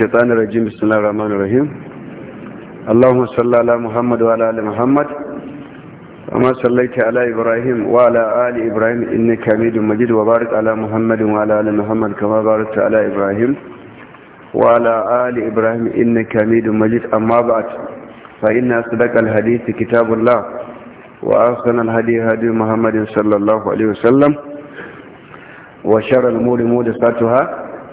الشيطان الرجيم بسم الله الرحمن الرحيم اللهم صل على محمد وعلى ال محمد وما صليت على ابراهيم وعلى ال ابراهيم انك حميد مجيد وبارك على محمد وعلى ال محمد كما باركت على ابراهيم وعلى ال ابراهيم انك حميد مجيد اما بعد فان اصدق الحديث كتاب الله واحسن الهدي هدي محمد صلى الله عليه وسلم وشر الامور محدثاتها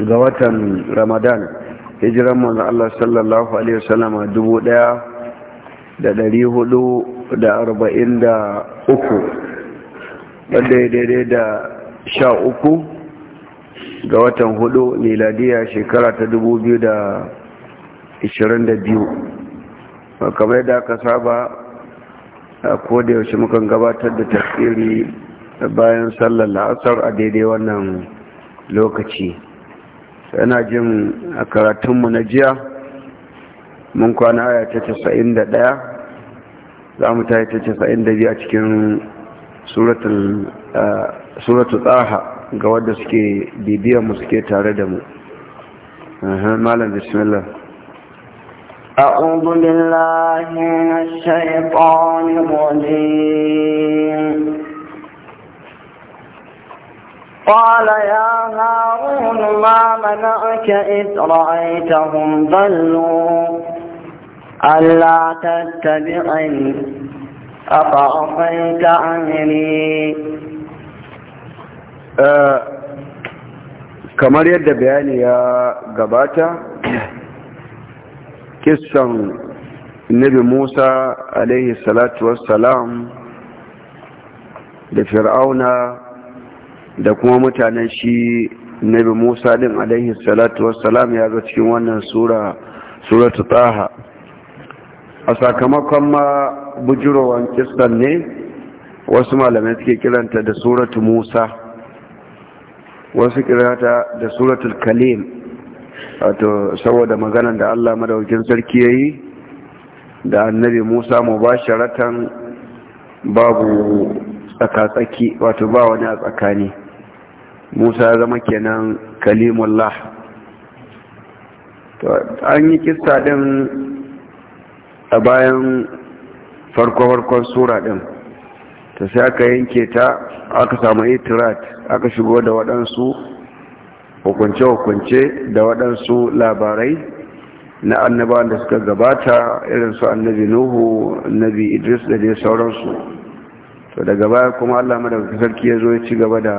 ga watan ramadan hijiran manzo Allah sallallahu alaihi wasallama dubu daya da dari hudu da arba'in da uku wanda ya daidai da sha uku ga watan hudu miladiya shekara ta dubu biyu da ishirin da biyu kamar da aka saba a kodayaushe mukan gabatar da tasiri bayan sallar la'asar a daidai wannan lokaci yana jin a karatunmu na jiya mun kwana aya ta casa'in da ɗaya za mu ta yi ta casa'in da biya cikin suratu tsaha ga wadda suke bibiyar mu suke tare da mu malam bismillah أعوذ بالله من الشيطان الرجيم قال يا هارون ما منعك إذ رأيتهم ضلوا ألا تتبعني أفعصيت أمري kamar yadda bayani ya gabata kissan nabi musa alaihi salatu wassalam da fir'auna da kuma mutanen shi nabi musa din alaihi salatu wassalam ya zo cikin wannan sura suratu taha a sakamakon ma bujurowan kistan ne wasu malamai suke kiranta da suratu musa wasu kiranta da suratul kalim wato saboda maganan da allah madaukin sarki ya yi da annabi musa mu ba sharatan babu tsaka wato ba wani a tsakani musa ya zama kenan kalimullah an yi kista din a bayan farko-farkon sura din ta sai aka yanke ta aka samu itirat aka shigo da waɗansu hukunce-hukunce da waɗansu labarai na annaba da suka gabata irinsu annabi nuhu annabi idris da dai sauransu to daga baya kuma allah daga sarki ya zo ya ci gaba da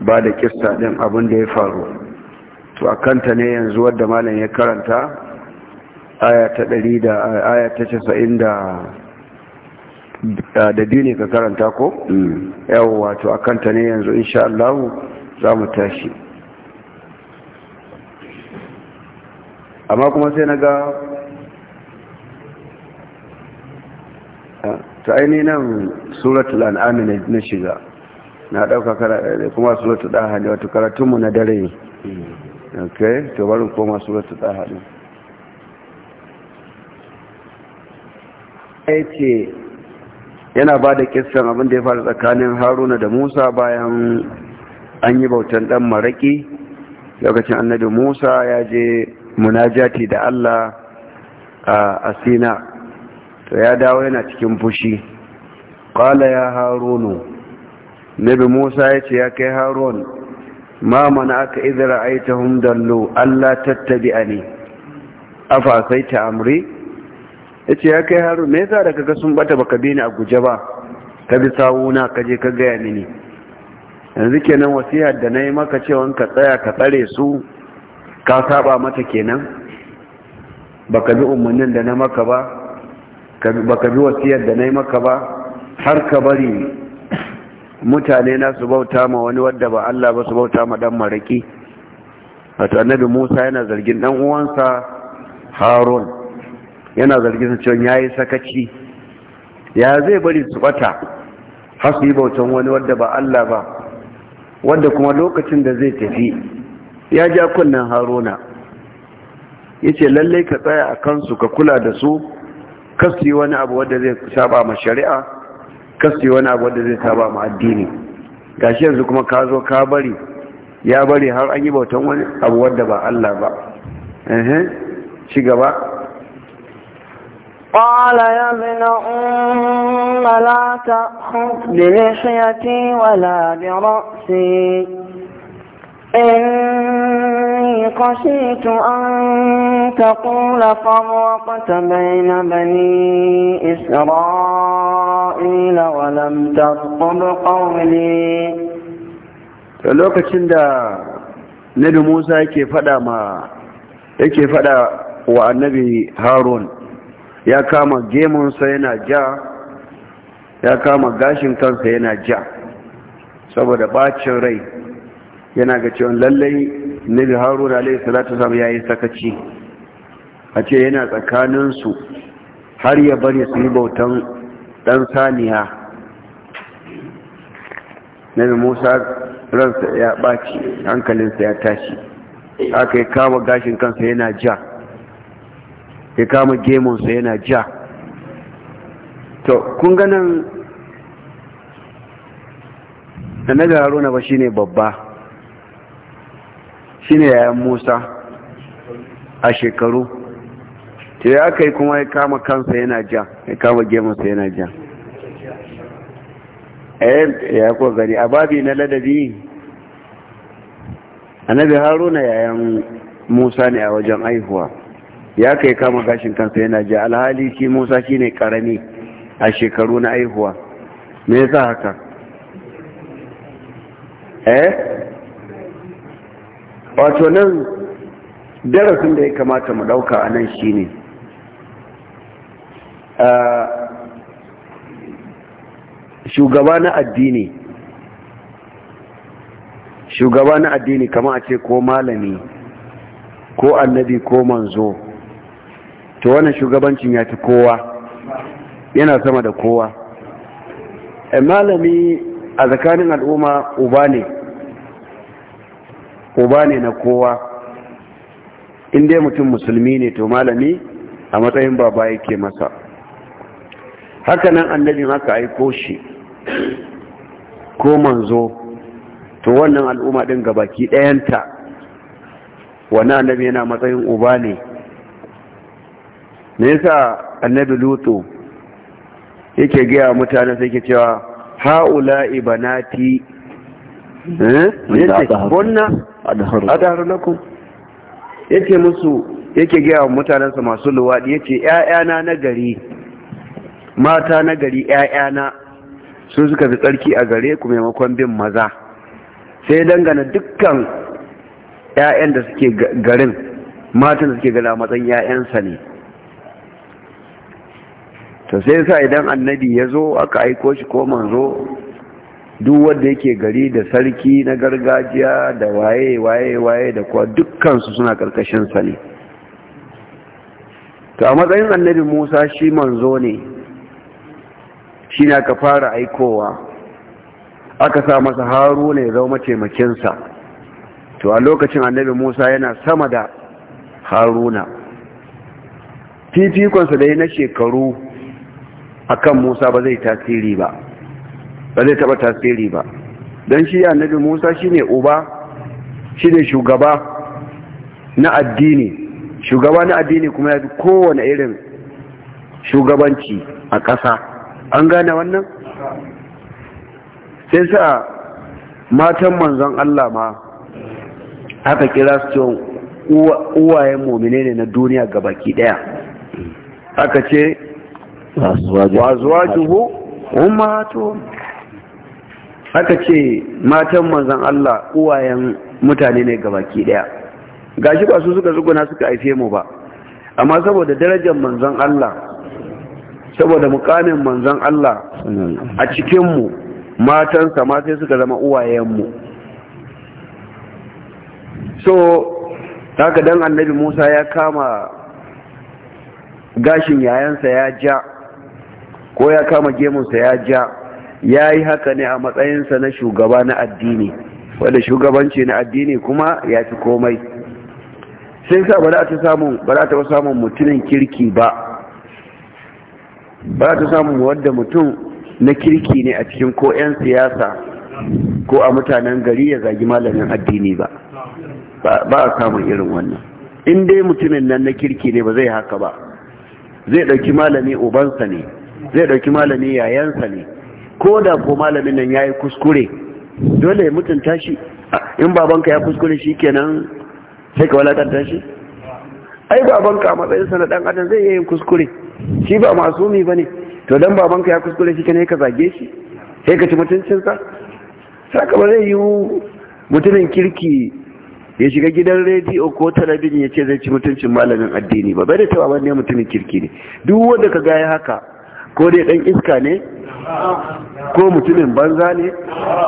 ba da kista ɗin abin da ya faru to a kanta ne yanzu wadda malam ya karanta aya ta da ta da ne ka karanta ko mm. yawwa to a kanta ne yanzu insha Allah za mu tashi amma kuma sai na ga ta ainihin suratul an'am na shiga na ɗauka eh, kuma suratul ɗaha ne wato karatunmu na dare ne okay to barin koma suratul ɗaha ɗin yana ba da kissan abin da ya faru tsakanin haruna da musa bayan an yi bautan dan maraƙi lokacin annabi musa ya je munajati da allah a asina to ya dawo yana cikin fushi ƙwala ya harunu nabi musa ya ce ya kai harun ma mana aka izira aitahum dallo allah tattabi a ne afa sai ta amri ya ce ya kai harun me yasa da kaga sun bata baka bi ni a guje ba ka bi sawuna ka je ka gaya mini yanzu kenan wasiyar da na yi maka cewa ka tsaya ka tsare su ka saba mata kenan baka bi umarnin da na maka ba baka bi wasiyar da na yi maka ba har ka bari mutane na su bauta ma wani wadda ba Allah ba su bauta ma dan maraki wato annabi Musa yana zargin dan uwansa Harun yana zargin sa cewa yayi sakaci ya zai bari su bata har su yi bautan wani wadda ba Allah ba wadda kuma lokacin da zai tafi ya ja kunnan Haruna yace lalle ka tsaya a kansu ka kula da su kasu yi wani abu wadda zai saba ma shari'a kasu wani abu wanda zai saba ma addini gashi yanzu kuma ka zo ka bari ya bari har an yi bautan wani abu wanda ba Allah ba ci gaba قال يا ابن أم لا تأخذ wala bi rasi, إني خشيت أن تقول فرقت بين بني إسرائيل ولم ترقب قولي lokacin da nabi musa yake faɗa wa annabi harun ya kama gemunsa yana ja ya kama gashin kansa yana ja saboda ɓacin rai yana ga cewa lallai nabi haruna alaihi salatu wasallam yayi sakaci a ce yana tsakanin su har ya bari su yi bautan dan saniya nabi musa ransa ya ɓaci hankalinsa ya tashi aka yi kama gashin kansa yana ja ya kama gemunsa yana ja to kun ganin da na haruna ba shine babba shine yayan Musa a shekaru To ya kai kuma ya kama kansa yana ja ya kama gemunsa yana ja eh, ya kuwa gari a babi na ladabi annabi haruna yayan musa ne a wajen aihuwa ya kai kama gashin kansa yana ja alhali shi musa shi ne karami a shekaru na aihuwa me yasa haka eh wato nan darasin da ya kamata mu ɗauka a nan shi ne shugaba na addini shugaba na addini kama a ce ko malami ko annabi ko manzo to wannan shugabancin ya fi kowa yana sama da kowa eh, malami a tsakanin al'umma uba ne uba ne na kowa in dai mutum musulmi ne to malami a matsayin baba yake masa hakanan an annabin haka aiko shi ko manzo to wannan al'umma din gabaki ɗayanta wannan annabi yana matsayin uba ne me yasa annabi lutu yake gaya mutane sai ke cewa ha'ula ibanati Eh? yace yace musu yake gaya wa mutanensa masu luwaɗi yace ‘ya'yana na gari mata na gari ‘ya'yana su suka fi tsarki a gare ku maimakon bin maza sai dangana dukkan ‘ya'yan da suke garin matan da suke gana matsayin ‘ya'yansa ne to sai sa idan annabi ya zo aka aiko shi ko manzo duk wanda yake gari da sarki na gargajiya da waye waye waye da kuwa dukkansu suna karkashin sa ne to a matsayin annabi Musa shi manzo ne shi ne aka fara aikowa aka sa masa haruna ya zama mataimakinsa to a lokacin annabi Musa yana sama da haruna fifikonsa dai na shekaru akan Musa ba zai tasiri ba ba zai taba tasiri ba don shi annabi musa shine uba shine shugaba na addini shugaba na addini kuma ya fi kowane irin shugabanci a ƙasa an gane wannan sai sa matan manzon allah ma haka kira su uwayen momine ne na duniya gabaki daya aka ce wazuwa juhu umaratu aka ce matan manzan Allah uwayen mutane ne ga baki daya gashi ba su suka tsuguna suka haife mu ba amma saboda darajar manzan Allah saboda mukamin manzan Allah a cikinmu matansa ma sai suka zama uwayenmu so haka dan annabi Musa ya kama gashin yayansa ya ja ko ya kama gemunsa ya ja ya yi haka ne a matsayinsa na shugaba na addini wanda shugabanci na addini kuma ya fi komai sai sa ba za ta samun mutumin kirki ba ba za ta samun wadda mutum na kirki ne a cikin ko 'yan siyasa ko a mutanen gari ya zagi malamin addini ba ba a samun irin wannan in dai mutumin nan na kirki ne ba zai haka ba zai ɗauki malami ubansa ne zai ɗauki malami yayansa ne ko da ko malamin nan yayi kuskure dole ya mutunta shi in babanka ya kuskure shi kenan sai ka walakanta shi ai babanka a matsayin sa na dan adam zai yin kuskure shi ba masumi bane to dan babanka ya kuskure shi kenan ka zage shi sai ka ci mutuncin sa saka ba zai yi mutumin kirki ya shiga gidan rediyo ko talabijin ya ce zai ci mutuncin malamin addini ba bai da ba ne mutumin kirki ne duk wanda ka gaya haka ko dai dan iska ne ko mutumin banza ne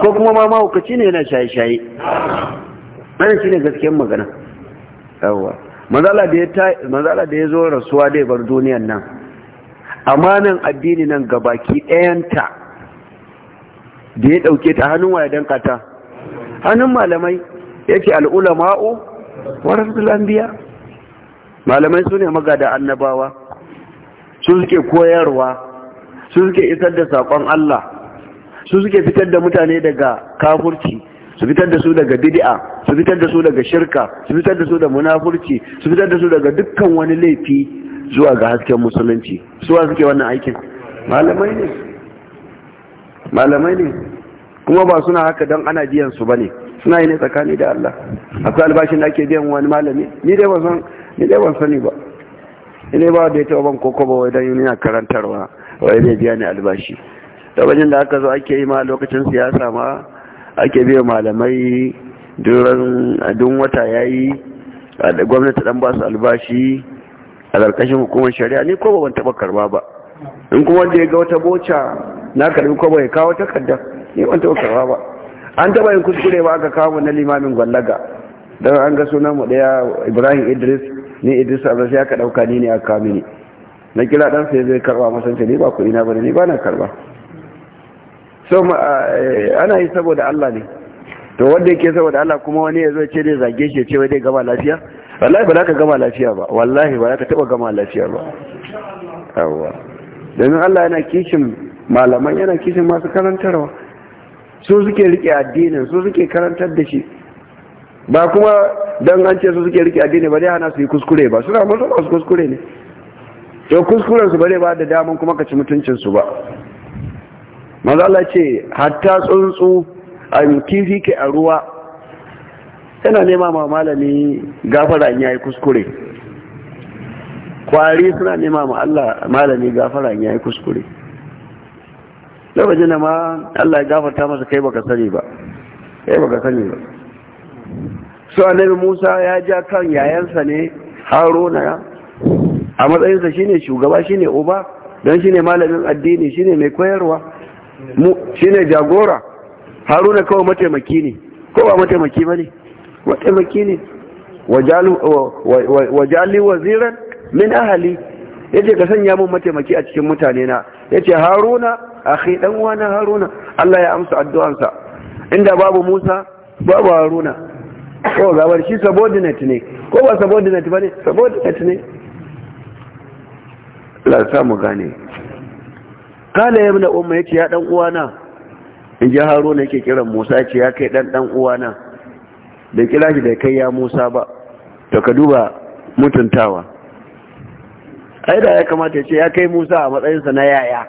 ko kuma ma mahaukaci ne yana shaye-shaye wannan ne gaskiyar magana yawwa mazala da ya zo rasuwa dai bar duniyan nan amanan addini nan gabaki ɗayanta da ya ɗauke ta hannun waya don kata hannun malamai ya ce al'ulama'u warasul biya. malamai su ne magada annabawa su suke koyarwa su suke isar da saƙon Allah su suke fitar da mutane daga kafurci su fitar da su daga bid'a su fitar da su daga shirka su fitar da su da munafurci su fitar da su daga dukkan wani laifi zuwa ga hasken musulunci su wa suke wannan aikin malamai ne malamai ne kuma ba suna haka don ana biyan su bane suna yi ne tsakani da Allah akwai albashin da ake biyan wani malami ni dai ban san ni dai ban sani ba ni dai ba da ya ban koko ba wai dan yana karantarwa wai zai biya ni albashi ta wajen da aka zo ake yi ma lokacin siyasa ma ake biya malamai duran wata ya yi gwamnati dan ba su albashi a karkashin hukumar shari'a ni ko ban taɓa karba ba in kuma wanda ya ga wata boca na karbi ko bai kawo takarda ni ban taɓa karba ba an taɓa yin kuskure ba aka kawo na limamin gwallaga don an ga sunan mu ɗaya ibrahim idris ni idris abbas ya ka ɗauka ni ne aka kawo mini na kira dan sai zai karba masa ne ba kuɗi na bane ni ba na karba so eh, ana yi saboda Allah ne to wanda yake saboda Allah kuma wani ya zo ce dai zage shi ce wai dai gama lafiya wallahi ba za ka gama lafiya ba wallahi ba za ka taba gama lafiya ba yawa domin Allah yana kishin malaman yana kishin masu karantarwa su suke rike addinin su suke karantar da shi ba kuma don an ce su suke rike addini ba dai hana su yi kuskure ba suna masu masu kuskure ne to kuskuren su bare ba da daman kuma ka ci mutuncin su ba maza Allah ce hatta tsuntsu a kifi ke a ruwa yana nema ma malami gafara in yayi kuskure kwari suna nema ma Allah malami gafara in yayi kuskure lokacin da ma Allah ya gafarta masa kai baka sani ba kai baka sani ba so annabi Musa ya ja kan yayansa ne Haruna a matsayinsa shine shugaba shine uba don shine malamin addini shine mai koyarwa shine jagora haruna kawai mataimaki ne kowa mataimaki ba ne mataimaki ne wajali waziran min ahali ya ce ka sanya mun mataimaki a cikin mutane na ya ce haruna a dan wani haruna Allah ya amsa addu'ansa inda babu musa babu haruna ko gabar shi subordinate ne ko ba subordinate ba ne subordinate ne Allah ya mu gane kala ya muna umma yake ya dan uwana in ji haruna yake kiran musa yake ya kai dan dan uwana da kira shi da kai ya musa ba to ka duba mutuntawa ai da ya kamata ya ce ya kai musa a matsayinsa na yaya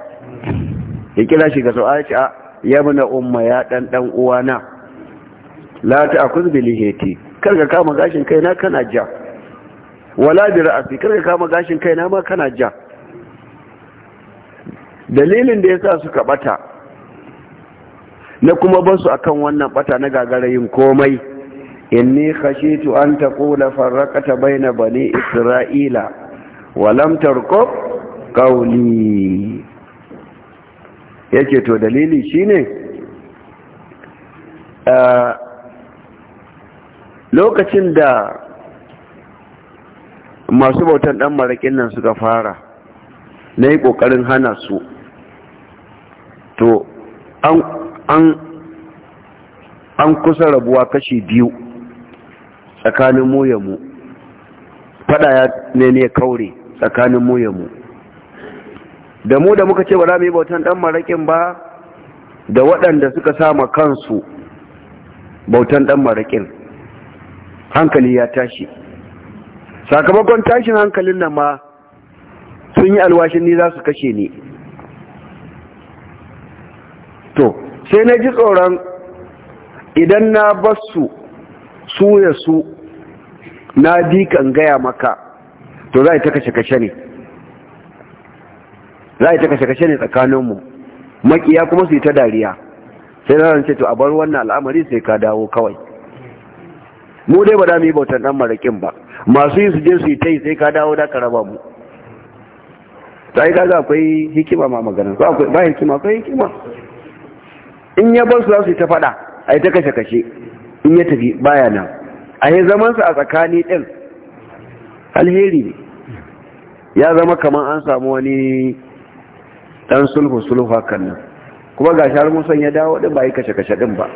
ya kira shi ga sau'a ce ya muna umma ya dan dan uwana la ta akuz heti. kar ka kama gashin kai na kana ja wala bi ra'asi kar ka kama gashin kai na ma kana ja dalilin da ya sa suka bata na kuma basu akan wannan bata na gagarayin komai inni khashitu an taqula farraqata baina bani isra'ila wa lam tarqub qawli yake to dalili shine lokacin da masu bautan ɗan marakin nan suka fara na yi ƙoƙarin hana su to an kusa rabuwa kashi biyu tsakanin mu ya mu fada ya ne ne kaure tsakanin mu ya mu da mu da muka ce ba za mu yi bautan dan maraƙin ba da waɗanda suka sama kansu bautan dan maraƙin hankali ya tashi sakamakon tashin hankalin nan ma sun yi alwashin ni za su kashe ni sai na ji tsoron idan na basu su ya su na dikan gaya maka to za a yi ta kashe-kashe ne za a yi ta kashe-kashe ne tsakaninmu makiya kuma su yi ta dariya sai na rance to a bar wannan al'amari sai ka dawo kawai mu dai ba da mu yi bautan dan marakin ba masu yi su je su yi ta yi sai ka dawo da ka raba mu ta yi ga akwai hikima ma maganin ba hikima akwai hikima in ya bar su za su ta faɗa a yi ta kashe kashe in ya tafi baya nan a yi zamansa a tsakani ɗin alheri ne ya zama kamar an samu wani ɗan sulhu sulhu hakan nan kuma ga mun musan ya dawo ɗin ba yi kashe kashe ɗin ba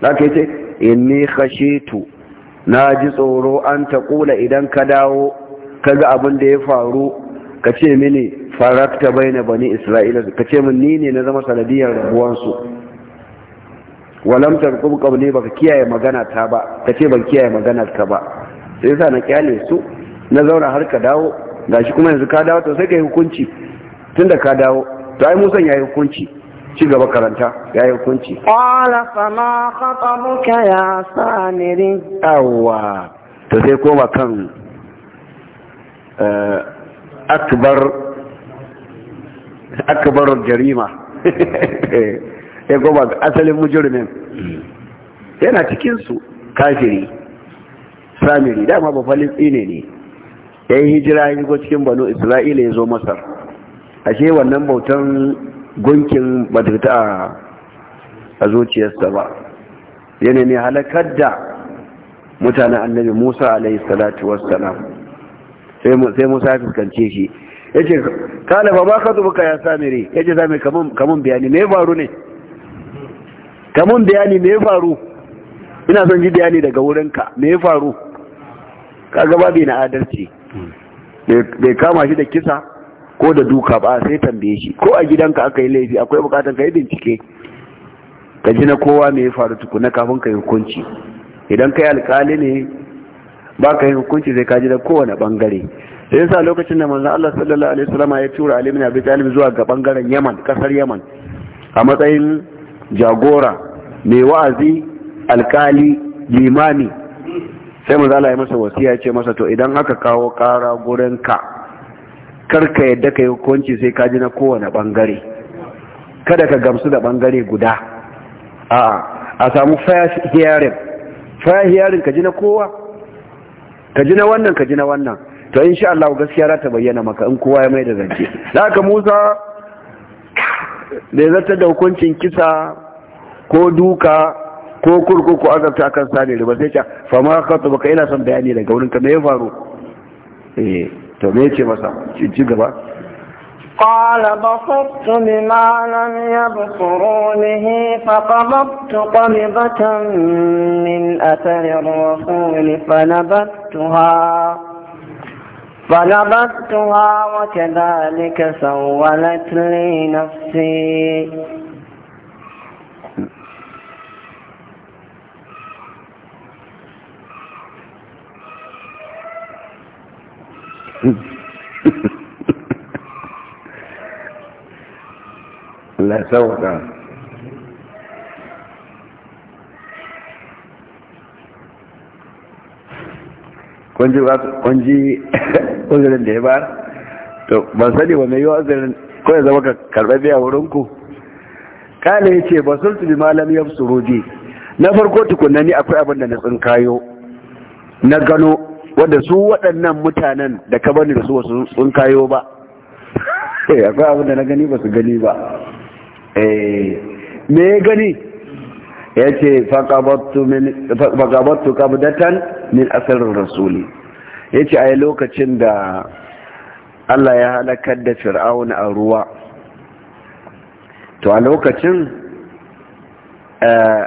za ka yi ce in ni kashe tu na ji tsoro an ta ƙula idan ka dawo ka ga abin da ya faru ka ce mini farakta na bani isra'ila ka ce min ni ne na zama sanadiyar rabuwansu walam tarqub qabli baka kiyaye magana ta ba ka ce ban kiyaye magana ka ba sai sa na kyale su na zauna har ka dawo gashi kuma yanzu ka dawo to sai kai hukunci tunda ka dawo to ai musan yayi hukunci ci gaba karanta yayi hukunci qala fama khatabuka ya samiri Yawa to sai koma kan eh, akbar akbar jarima ya goma ga asalin mujirmin yana cikinsu kafiri samiri dama ba falistine ne ya yi hijira ya yi cikin banu isra'ila ya zo masar ashe wannan bautan gunkin batuta ta a zuciyarsa ba yana ne halakar da mutanen annabi musa alaihi salatu wasu sai musa fuskance shi yace kala ba ba ka ka ya Ya yace zame kamun bayani me faru ne kamun bayani me faru ina son ji bayani daga wurinka me faru kaga babu na adalci bai kama shi da kisa ko da duka ba sai tambaye shi ko a gidanka aka yi laifi akwai bukatar ka yi bincike ka ji na kowa me ya faru na kafin ka yi hukunci idan ka yi alkali ne ba ka yi hukunci sai ka ji da kowane bangare sai yasa lokacin da manzon Allah sallallahu alaihi wasallam ya tura Ali ibn Abi Talib zuwa ga bangaren Yaman kasar Yaman a matsayin jagora mai wa'azi alkali limami sai manzon Allah ya masa wasiya ya ce masa to idan aka kawo kara gurin ka karka yadda kai hukunci sai ka ji na kowane bangare kada ka gamsu da bangare guda a a samu fair hearing fair hearing ka ji na kowa ka ji na wannan ka ji na wannan to insha Allah gaskiya za ta bayyana maka in kowa ya mai da zance da aka Musa bai zata da hukuncin kisa ko duka ko kurkuku azabta akan sani ba sai ce fa ma to baka ina son bayani daga wurin ka me ya faru eh to me yace masa ci gaba قال بصرت بما لم يبصروا به فقبضت قبضة من أثر الرسول فنبذتها فنبذتها وكذلك سولت لي نفسي لا سوى kunji kunji uzurin da ya ba to ban sani wa mai yi uzurin ko ya zama ka karɓar biya wurin ku kana yace basultu bi malam yabsuru bi na farko tukunna ni akwai abin da na tsinkayo na gano wanda su waɗannan mutanen da ka bani da su wasu tsinkayo ba eh akwai abin da na gani ba su gani ba eh me ya gani Ya ce min faqabattu min asarin rasuli ya ce a yi lokacin da Allah ya halakar da fir'auna a ruwa to a lokacin eh,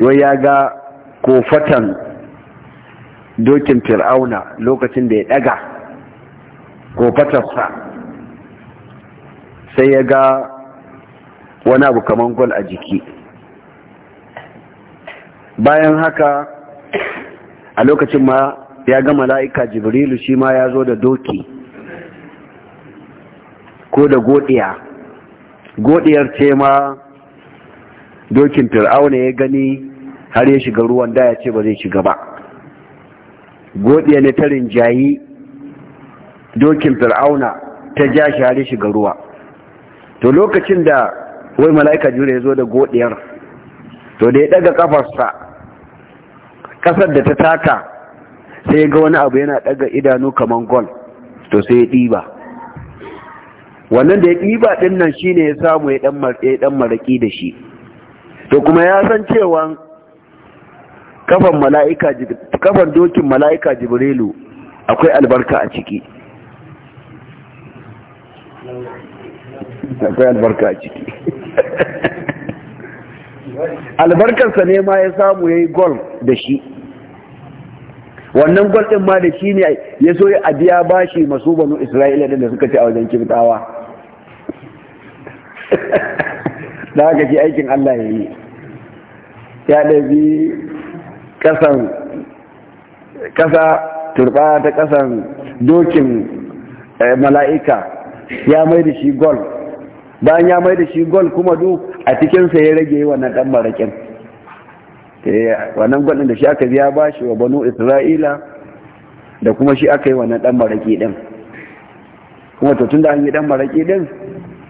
wai ya ga kofatan dokin fir'auna lokacin da ya daga kofatarsa sai ya ga wani abu kaman gol a jiki bayan haka a lokacin ma ya ga mala'ika jibrilu shi ma ya zo da doki ko da godiya godiyar ce ma dokin fir'auna ya gani har ya shiga ruwan da ya ce ba zai shiga ba godiya ne ta rinjayi dokin fir'auna ta ja shi har ya shiga ruwa to lokacin da wai mala'ika jibrilu ya zo da godiyar to da ya daga kafarsa ƙasar da ta taka sai ya ga wani abu yana ɗaga idanu kamar gol to sai ya ɗiba wannan da ya ɗiba ɗin nan shi ne ya samu ya ɗan maraƙi da shi to kuma ya san cewa kafan dokin mala'ika jibrilu akwai albarka a ciki akwai albarka a ciki albarkarsa ne ma ya samu ya yi gol da shi wannan gwal din ma da shi ne ya so ya biya bashi masu banu isra'ila da suka ci a wajen kibtawa da haka shi aikin allah ya yi ya ɗabi ƙasan ƙasa turba ta ƙasan dokin eh, mala'ika ya mai da shi gol bayan ya mai da shi gwal kuma duk a cikinsa ya rage wannan ɗan marakin Eh, wannan gwal da shi aka biya ba shi wa banu isra'ila da kuma shi aka yi wannan dan maraki din kuma to tunda an yi dan maraki din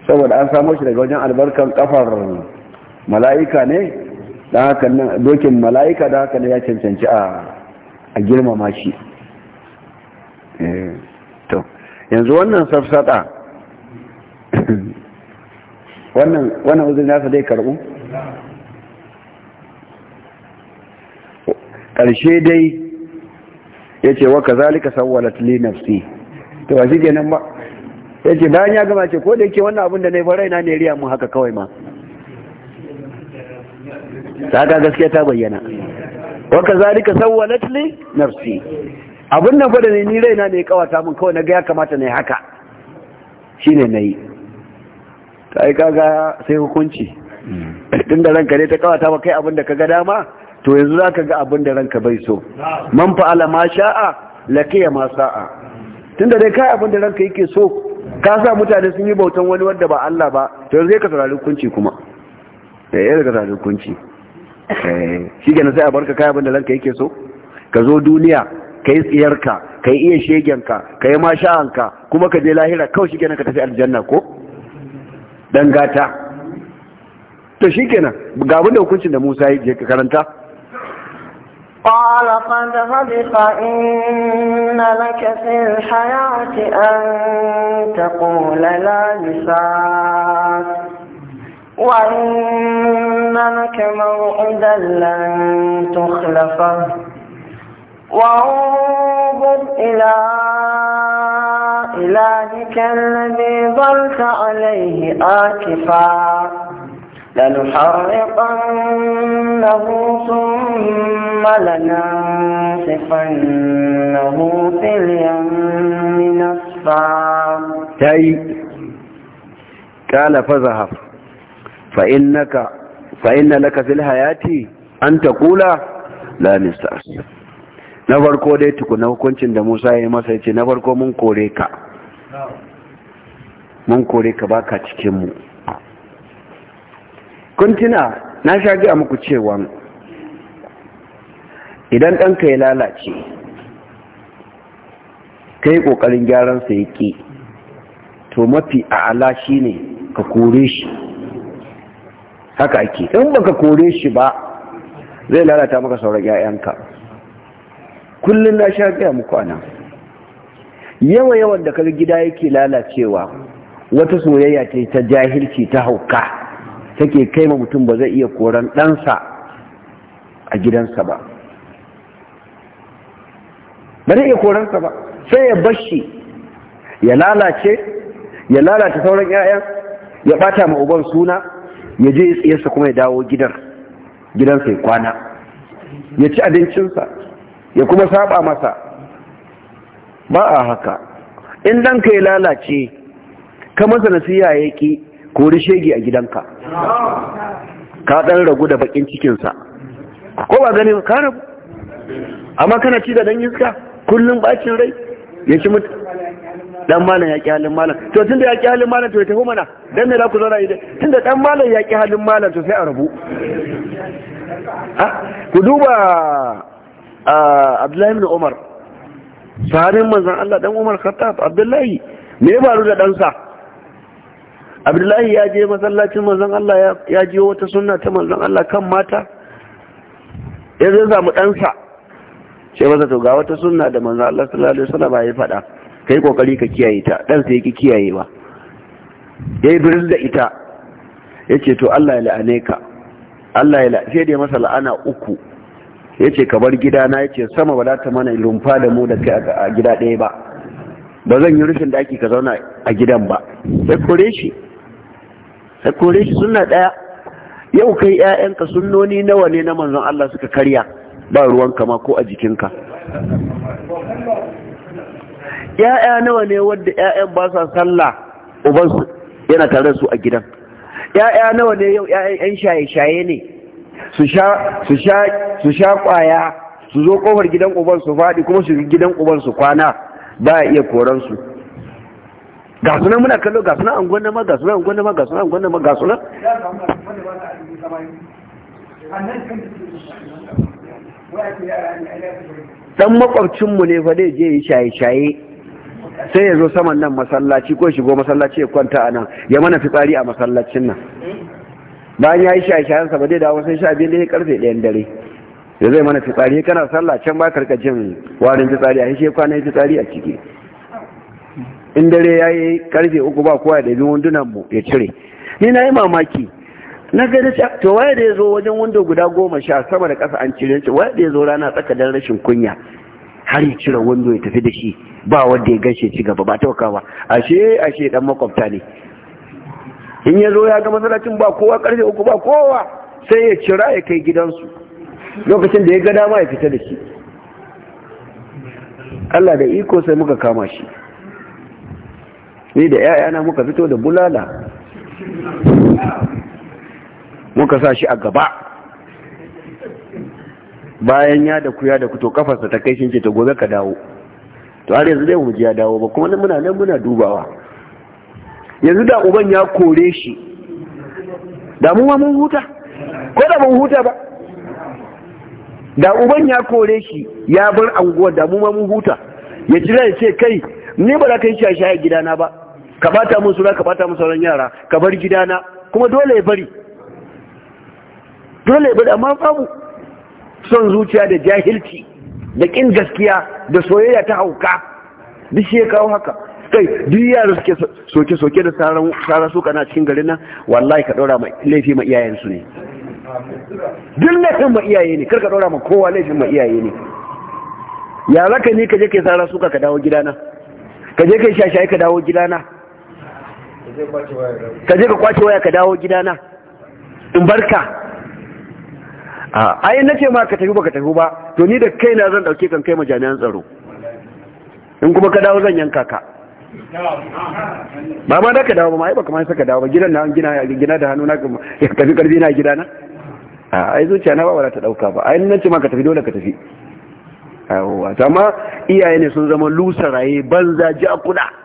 saboda an samo shi daga wajen albarkan kafar mala'ika ne da haka nan dokin mala'ika da haka ne ya cancanci a girmama shi eh, to yanzu wannan safsata wannan wannan uzuri nasa dai karbu ƙarshe dai ya ce wa ka sawwalat li nafsi to ke nan ba ya ce bayan ya gama ce ko da yake wannan abin da na yi farai na ne riya mu haka kawai ma ta haka gaskiya ta bayyana wa ka sawwalat li nafsi abin nan fa da ni raina ne kawata mun kawai na ga ya kamata na yi haka, shi ne na yi ta yi kaga sai hukunci hmm. tun da ranka ne ta kawata ba kai abin da ka ga dama to yanzu za ka ga abin da ranka bai so man fa'ala ma sha'a laqiya ma sa'a tunda dai kai abin da ranka yake so ka sa mutane sun yi bautan wani wanda ba Allah ba to yanzu ka saurari kunci kuma eh yanzu ka saurari kunci? Eh, shi kenan sai a barka kai abin da ranka yake so ka zo duniya ka yi tsiyarka yi iya shegenka yi ma sha'anka kuma ka je lahira kawai shi kenan ka tafi aljanna ko Dangata. gata to shi kenan ga abin da hukuncin da Musa ya karanta قال قد غضب إن لك في الحياة أن تقول لا مساس وإن لك موعدا لن تخلفه وانظر إلى إلهك الذي ظلت عليه آكفا لنحرقنه ثم لننسفنه في اليم نسفا تاي قال فذهب فإنك فإن لك في الحياة أن تقول لا نستأسف na farko dai na hukuncin da Musa ya yi masa ya ce na farko mun kore ka mun kore ka baka cikin mu kuntina na sha gaya muku cewa idan ɗanka ya lalace ka yi ƙoƙarin gyaransa ya ƙi to mafi ala shi ne ka kore shi haka ake in ka kore shi ba zai lalata maka sauran 'ya'yanka kullum na sha gaya muku ana yawa yawan da kar gida yake lalacewa wata soyayya ce ta jahilci ta hauka take kai ma mutum ba zai iya koran ɗansa a gidansa ba ba zai iya koransa ba sai ya bashi ya lalace ya lalace sauran 'ya'yan ya ɓata ma uban suna ya je tsiyarsa kuma ya dawo gidansa ya kwana ya ci abincinsa ya kuma saba masa ba a haka in ɗanka ya lalace ka masa nasiya ya ƙi ko shege a gidanka ka dan ragu da bakin cikinsa ko ba gani ka rabu amma kana ci da dan yinka kullum bacin rai ya ci mutu dan malam ya ki halin malam to tunda ya ki halin malam to ya tafi mana dan me za ku zauna idan tunda dan malam ya ki halin malam to sai a rabu ah, ku duba ah, Abdullahi ibn Umar sahabin manzon Allah dan Umar Khattab Abdullahi me ya faru da dan sa abdullahi ya je masallacin manzon Allah ya je wata sunna ta manzon Allah kan mata ya zai samu ɗansa sai masa to ga wata sunna da manzon Allah sallallahu alaihi wasallam ya faɗa kai kokari ka kiyaye ta ɗansa yake kiyayewa yayi birin da ita yace to Allah ya la'ane ka Allah ya la'ane sai dai masa la'ana uku yace ka bar Ya yace sama ba za ta mana lumfa da mu da kai a gida ɗaya ba ba zan yi rufin da ake ka zauna a gidan ba sai kore shi ta kore shi suna ɗaya yau kai ƴaƴanka sunnoni nawa ne na manzon Allah suka karya ba ruwanka ma ko a jikinka ƴaƴa nawa ne wanda ƴaƴan ba sa sallah uban yana tare su a gidan Ya'ya nawa ne yau ƴaƴan ƴan shaye-shaye ne su sha su su kwaya su zo kofar gidan uban su faɗi kuma su gidan uban su kwana ba iya koransu ga sunan muna kallo ga sunan gwanda ma ga sunan gwanda ma ga sunan gwanda ma ga sunan dan mu ne fa zai je yi shaye-shaye sai ya zo saman nan masallaci ko shigo masallaci ya kwanta a nan ya mana fitsari a masallacin nan bayan ya yi shaye-shayen sa ba zai dawo sai sha biyu ne karfe ɗayan dare ya zai mana fitsari kana sallah can ba karkacin warin fitsari a shi kwana fitsari a ciki in dare ya yi karfe uku ba kowa da biyu wundunan ya cire ni na yi mamaki na gani ah, to waye da ya zo wajen wando guda goma sha sama da ƙasa an cire shi waye da ya zo rana tsaka dan rashin kunya har ya cire wando ya tafi da shi ba wanda ya gaishe ci gaba ba tauka ba ashe ashe dan makwabta ne in ya zo ya ga masallacin ba kowa karfe uku ba kowa sai ya cira ya kai gidansu lokacin da ya ga dama ya fita da shi Allah da iko sai muka kama shi ni da ‘ya'yana muka fito da bulala muka sa shi a gaba bayan ya da kuya da kuto kafarsa ta kai shinke ta gobe ka dawo to har yanzu dai wuji ya dawo ba kuma muna nan muna dubawa yanzu da uban ya kore shi damuwa mun huta ko da mun huta ba da uban ya kore shi ya bar anguwa damuwa mun huta ya jira ya ce kai ne ba za ka yi shaye-shaye gidana ba ka bata mun suna ka bata mun sauran yara ka bar gidana kuma dole ya bari dole ya bari amma babu son zuciya da jahilci da kin gaskiya da soyayya ta hauka duk shi ya kawo haka kai duk yara suke soke soke da saran suka na cikin garin nan wallahi ka ɗora ma laifi ma iyayensu ne duk laifin ma iyaye ne kar ka ɗora ma kowa laifin ma iyaye ne ya zaka ne ka je kai sara suka ka dawo gidana ka je kai shashaye ka dawo gidana ka je ka kwace waya ka dawo gidana in barka a na ce ma ka tafi ba ka tafi ba to ni da kaina zan dauke kan kai majami'an tsaro in kuma ka dawo zan yanka ka ba ma da ka dawo ba ma ai ba kamar saka dawo ba gidan na gina gina da hannu na ka tafi karbi na gidana a ai zuciya na ba wala ta dauka ba ai na ce ma ka tafi dole ka tafi yawa amma iyaye ne sun zama lusa raye banza jakuna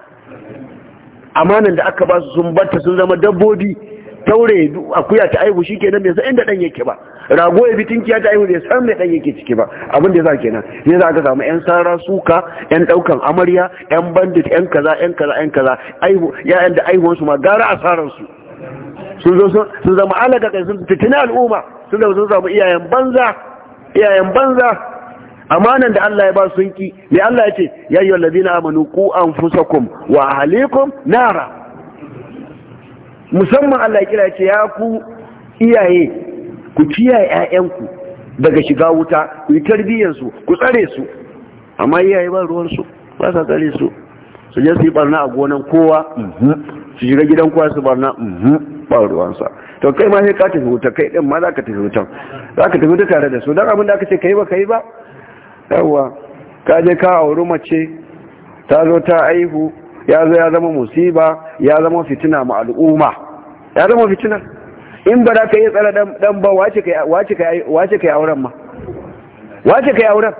amanan da aka ba su sun batta sun zama dabbobi taure akuya ta aihu shi kenan bai san inda dan yake ba rago ya kiya ta aihu bai san mai dan yake ciki ba abin da ya kenan ne za ka samu yan sara suka yan daukan amarya yan bandit yan kaza yan kaza yan kaza aihu yayan da aihu su ma gara asaran su sun zo sun zama alaka kai sun fitina al'umma sun zama sun samu iyayen banza iyayen banza amanan da Allah ya ba sun ki me Allah ya ce ya ayyuhal ladina amanu ku anfusakum wa ahlikum nara musamman Allah ya kira ce ya ku iyaye ku kiyaye ƴaƴanku daga shiga wuta ku yi tarbiyyar ku tsare su amma iyaye ba ruwan ba sa tsare su su je su yi barna a gonan kowa mhm. su shiga gidan kowa su barna mhm, ba ruwansa to kai ma sai ka tafi wuta kai din ma za ka tafi wutan za ka tafi wuta tare da su don abin da aka ce ka yi ba ka yi ba yawa ka je ka auri mace ta zo ta aihu ya zo ya zama musiba ya zama fitina ma al'umma ya zama fitina in ba za ka yi tsara dan ba wace ka yi auren ma wace ka yi auren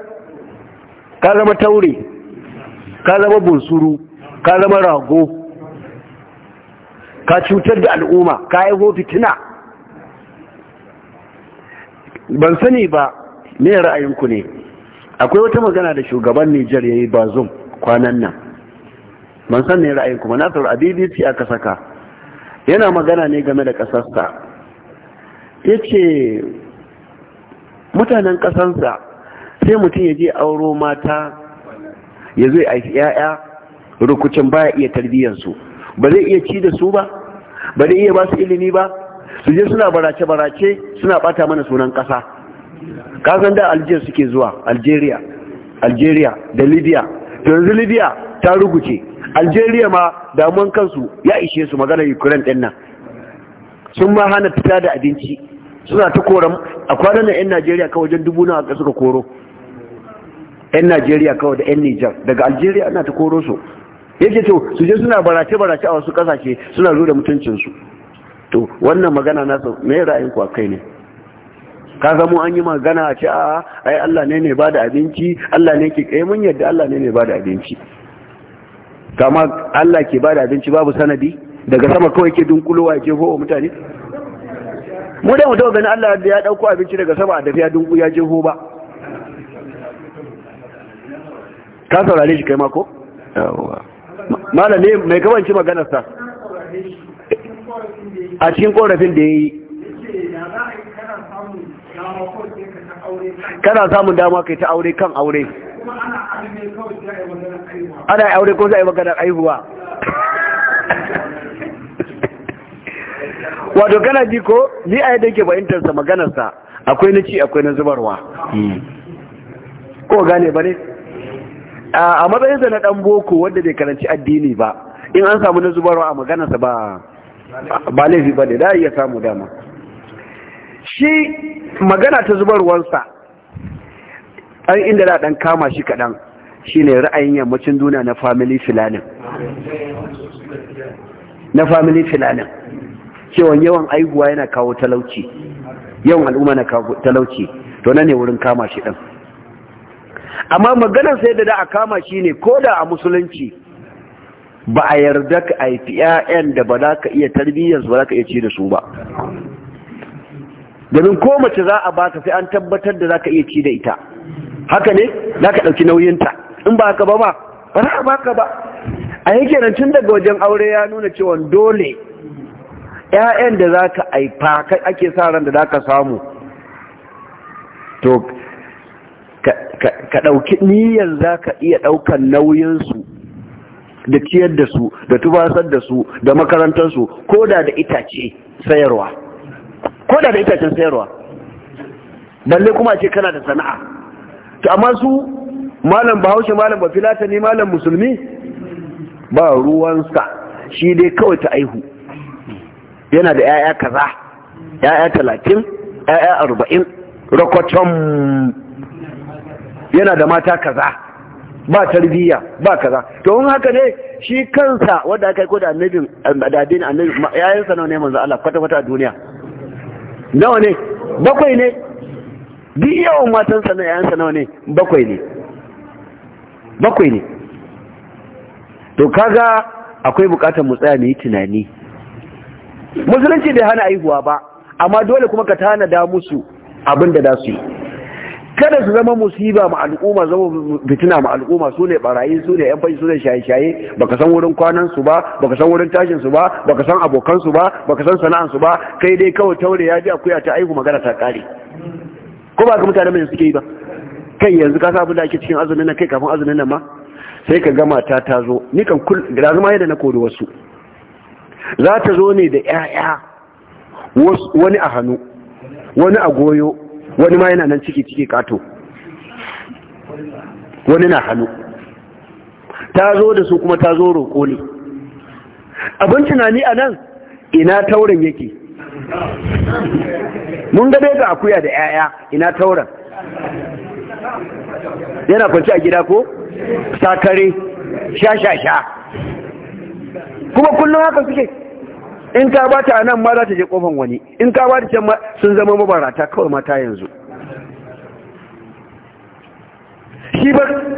ka zama taure ka zama bunsuru ka zama rago ka cutar da al'umma ka yi fitina ban sani ba ne ra'ayinku ne akwai wata magana da shugaban Nijar yayi bazum kwanan nan ban san ne ra'ayin kuma na a BBC aka saka yana magana ne game da kasarsa ce mutanen ƙasarsa sai mutum ya je auro mata ya aiki ya'ya rukucin ya iya tarbiyyarsu ba zai iya ci da su ba ba zai iya ba su ilimi ba su je suna barace-barace suna bata mana sunan ƙasa kasan da algeria suke zuwa algeria algeria da libya yanzu libya ta ruguce algeria ma damuwan kansu ya ishe su magana ukraine din nan sun ma hana fita da abinci suna ta kora a kwanan nan 'yan najeriya kawai wajen dubu na suka koro 'yan najeriya kawai da 'yan nijar daga algeria ana ta koro su yake to su je suna barace-barace a wasu kasashe suna zo da mutuncinsu to wannan magana nasu mai ra'ayin kwa kai ne ka zamo an yi magana a ce a ai Allah ne ne ba da abinci Allah ne ke kai eh, mun yadda Allah ne ne ba da abinci kama Allah ke ba da abinci babu sanadi daga sama kawai ke dunkulowa ya jeho mutane mu da mutum gani Allah ya dauko abinci daga sama a dafiya dunku ya jeho ba ka saurare shi kai ma ko mai kawanci maganarsa a cikin korafin da ya yi kana samun dama kai ta aure kan aure ana yi aure ko za a yi maganar aihuwa wato kana ji ko ni a yadda ke bayyantarsa maganarsa akwai na ci akwai na zubarwa ko gane ba ne a matsayinsa na dan boko wanda bai karanci addini ba in an samu na zubarwa a maganarsa ba ba laifi ba ne da iya samu dama shi magana ta zubarwarsa ɗan inda da ɗan kama shi kaɗan shi ne ra'ayin yammacin duniya na family filanin na family filanin Cewa yawan aihuwa yana kawo talauci yawan al'umma na kawo talauci to na ne wurin kama shi ɗan amma maganar sai da da a kama shi ne ko da a musulunci ba a yarda ka haifi 'ya'yan da ba za ka iya tarbiyyarsu ba za ka iya ci da su ba domin ko mace za a baka sai an tabbatar da za ka iya ci da ita haka ne Za ka ɗauki nauyinta in ba haka ba ba ba za a baka ba a yake nan tun daga wajen aure ya nuna cewa dole Ya'yan da za zaka aifa ake sa ran da za ka samu to ka ɗauki niyyar za ka iya ɗaukan nauyinsu da ciyar da su da tubasar da su da makarantarsu ko da da itace sayarwa ko da da itacen sayarwa balle kuma ce kana da sana'a to amma su malam bahaushe malam bafilata ne malam musulmi ba ruwansa shi dai kawai ta aihu yana da 'ya'ya kaza 'ya'ya talatin 'ya'ya arba'in rakwacin yana da mata kaza ba tarbiyya ba kaza to in haka ne shi kansa wanda aka yi ko da annabin da addinin annabi yayin sa ne manzo Allah kwata kwata a duniya nawa ne bakwai ne duk yawan matansa na yayansa nawa ne bakwai ne bakwai ne to kaga akwai bukatar mu tsaya mu yi tunani musulunci bai hana aihuwa ba amma dole kuma ka tanada musu abin da za su yi kada su zama musiba ma al'umma zama fitina ma al'umma su ne barayi su ne yan fashi su ne shaye-shaye baka san wurin kwanan su ba baka san wurin tashin su ba baka san abokan su ba baka san sana'an su ba kai dai kawai taure ya ji akuya ta aihu magana ta kare ko ba ka mutane mai suke yi ba kai yanzu ka sa abin da ake cikin azumin nan kai kafin azumin nan ma sai ka gama ta ta zo ni kan kul da zama yadda na kori wasu za ta zo ne da 'ya'ya wani a hannu wani a goyo wani ma yana nan ciki ciki kato wani na hannu ta zo da su kuma ta zo roƙo ne abin tunani a nan ina tauren yake mun gane ga akuya da 'ya'ya ina tauren yana kwanci a gida ko sakare sha sha sha kuma kullum haka suke in ka ba ta nan ma za ta je kofan wani in ka ba ta can ma sun zama mabarata kawai mata yanzu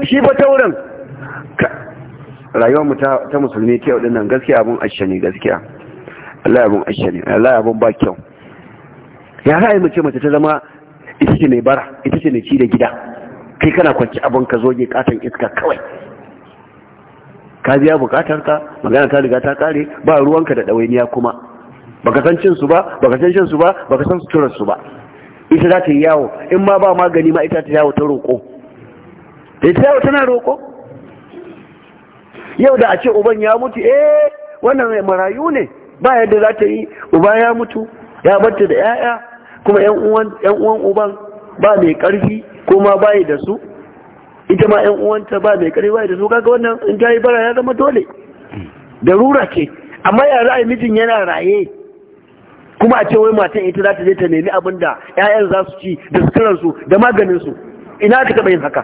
shi ba tauren rayuwar mu ta musulmi kyau din nan gaskiya abun ashe ne gaskiya Allah abun ashe ne Allah abun ba kyau ya ra'ayi ce mace ta zama ita ce mai bara ita ce mai ci da gida kai kana kwanci abun ka zoge katon iska kawai ka biya bukatar magana ta riga ta kare ba ruwanka da ɗawainiya kuma baka san cin su ba baka san shan su ba baka san suturar su ba ita za ta yi yawo in ma ba magani ma ita ta yawo ta roƙo ta yi yawo tana roƙo yau da a ce uban ya mutu eh wannan marayu ne ba yadda za ta yi uba ya mutu ya batta da 'ya'ya kuma 'yan uwan uban ba mai ƙarfi kuma bayi da su ita ma yan uwanta ba mai karewa da su kaga wannan in ta yi bara ya zama dole Da rura ce amma ya ra'ayi mijin yana raye kuma a ce wai matan ita za ta je ta nemi abin da 'ya'yan za su ci da suturar da maganinsu. ina ta taɓa yin haka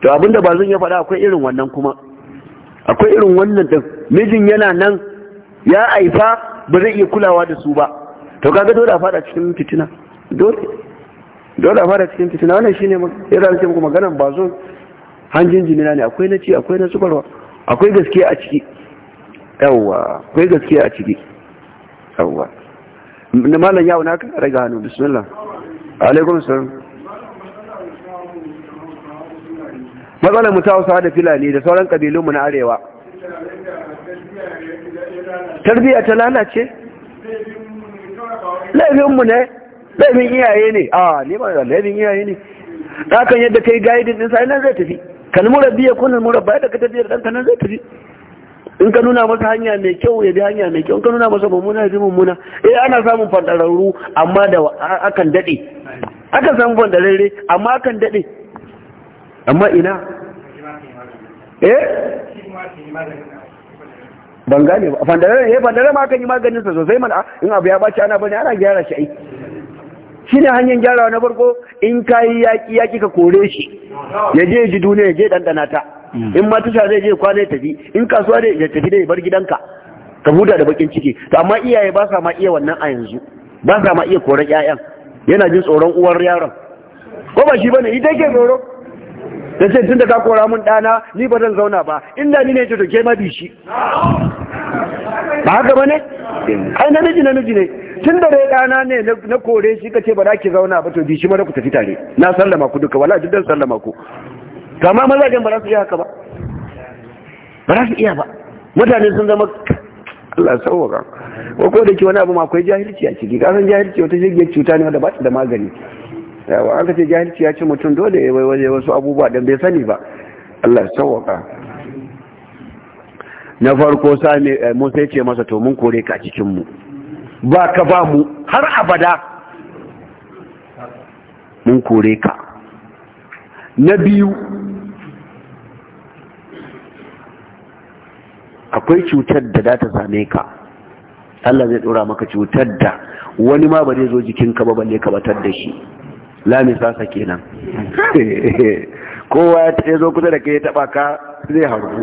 to abin da ba zan ya faɗa akwai irin wannan kuma akwai irin wannan din mijin yana nan ya aifa ba zai iya kulawa da su ba to kaga dole a faɗa cikin fitina dole dole a fara cikin fitina wannan shine irin da muku magana ba zo hanjin jimina ne akwai na ci akwai na zubarwa akwai gaskiya a ciki yawwa akwai gaskiya a ciki yawwa na malam yawo na a raga hannu bismillah alaikum salam matsalar mu ta hausa da filani da sauran kabilunmu na arewa tarbiyya ta lalace laifinmu ne laifin iyaye ne a ne ba laifin iyaye ne kan yadda ka yi gaidin ɗinsa nan zai tafi kan biya ko nan bayan da ka tafi da danka nan zai tafi in ka nuna masa hanya mai kyau ya bi hanya mai kyau in ka nuna masa mummuna ya bi mummuna eh ana samun fandararru amma da akan daɗe akan samun fadararre amma akan daɗe amma ina eh ban gane ba fandararre eh fandararre ma akan yi maganin sa sosai mana. in abu ya baci ana bane ana gyara shi ai shi ne hanyar gyarawa na farko in ka yi yaƙi yaƙi ka kore shi ya je ji duniya ya je ɗanɗana ta mm. in ma tusha zai je kwana ya tafi in kasuwa ne, ya tafi da ya bar gidanka ka huda da bakin ciki to amma iyaye ba sa ma iya wannan a yanzu ba sa ma iya koren ƴaƴan yana jin tsoron uwar yaron ko ba shi bane ita ke tsoro da ce tun da ka kora mun ɗana ni ba zan zauna ba inda ni ne ce to ke ma bi shi ba haka ne? Mm. ai namiji namiji ne tun da rai ɗana ne na kore shi ka ce ba za ki zauna ba to bi shi mara ku tafi tare na sallama ku duka wala duk sallama ku kama mazajen ba za su iya haka ba ba za su iya ba mutane sun zama Allah sauwaka ko ko da ke wani abu ma akwai jahilci a ciki kasan jahilci wata jirgin cuta ne wanda ba da magani yawa an ce jahilci ya ce mutum dole ya wasu abubuwa dan bai sani ba Allah sauwaka na farko sami eh, musa ya ce masa to mun kore ka cikin mu ba ka ba mu har abada mun kore ka na biyu akwai cutar da za ta same ka Allah zai dora maka cutar da wani ma ba zai zo jikinka ba balle ka batar da shi lami sasa kenan kowa ya zo kusa da ke ya taba ka zai harbu